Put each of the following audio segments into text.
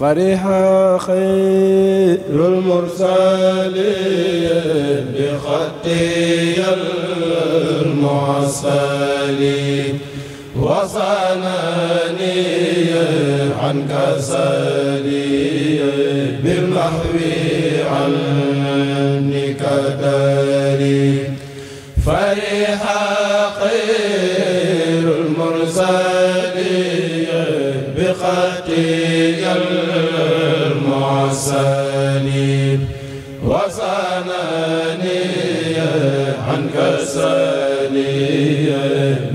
فرحا خير المرسلين بخطي المعسلين وصانني عن كسلي بالمحو عني كدري فرحا خير المرسلين بخطي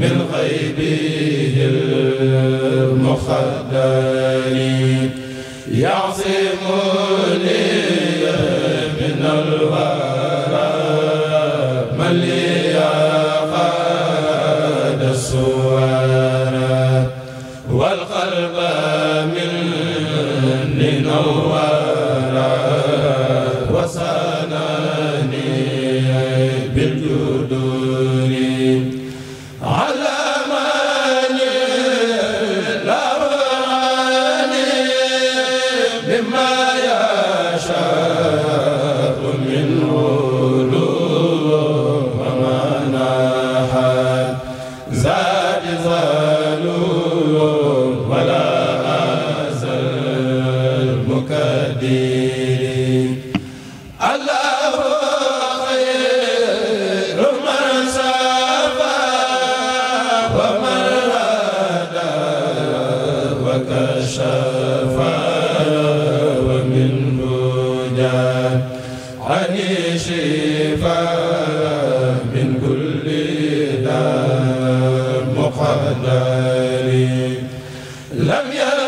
من غيبه المخدر يعصمون ma lam ya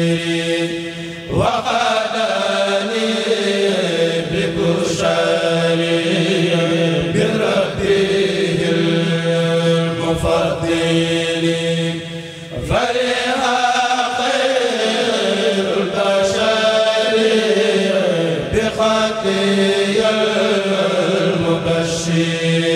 الفتي المبشر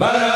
bara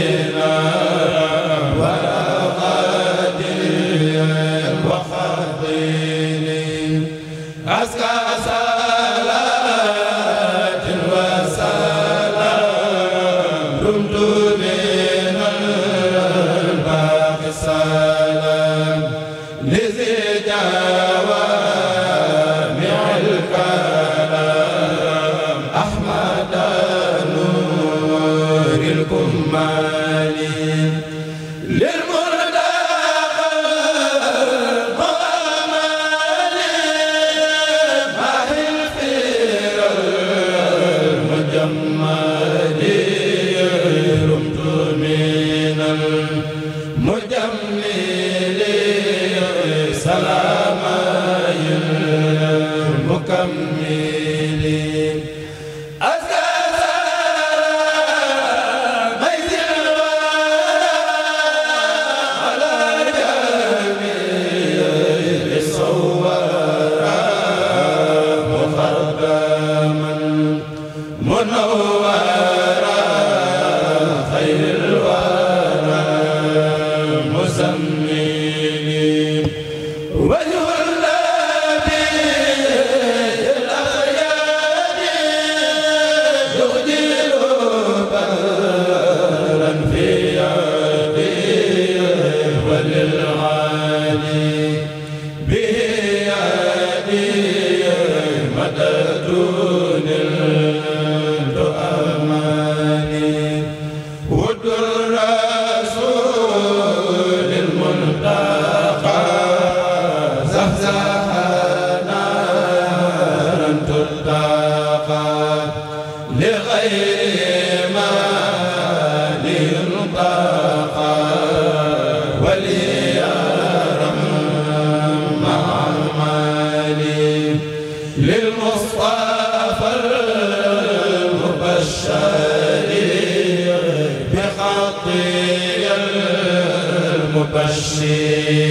بشر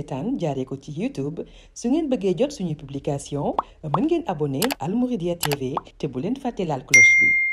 seetaan jaaree ko ci YouTube su ngeen bëggee jot suñuy publication mën ngeen abonné Al Mouridiyyah TV te bu leen fàtte laal cloche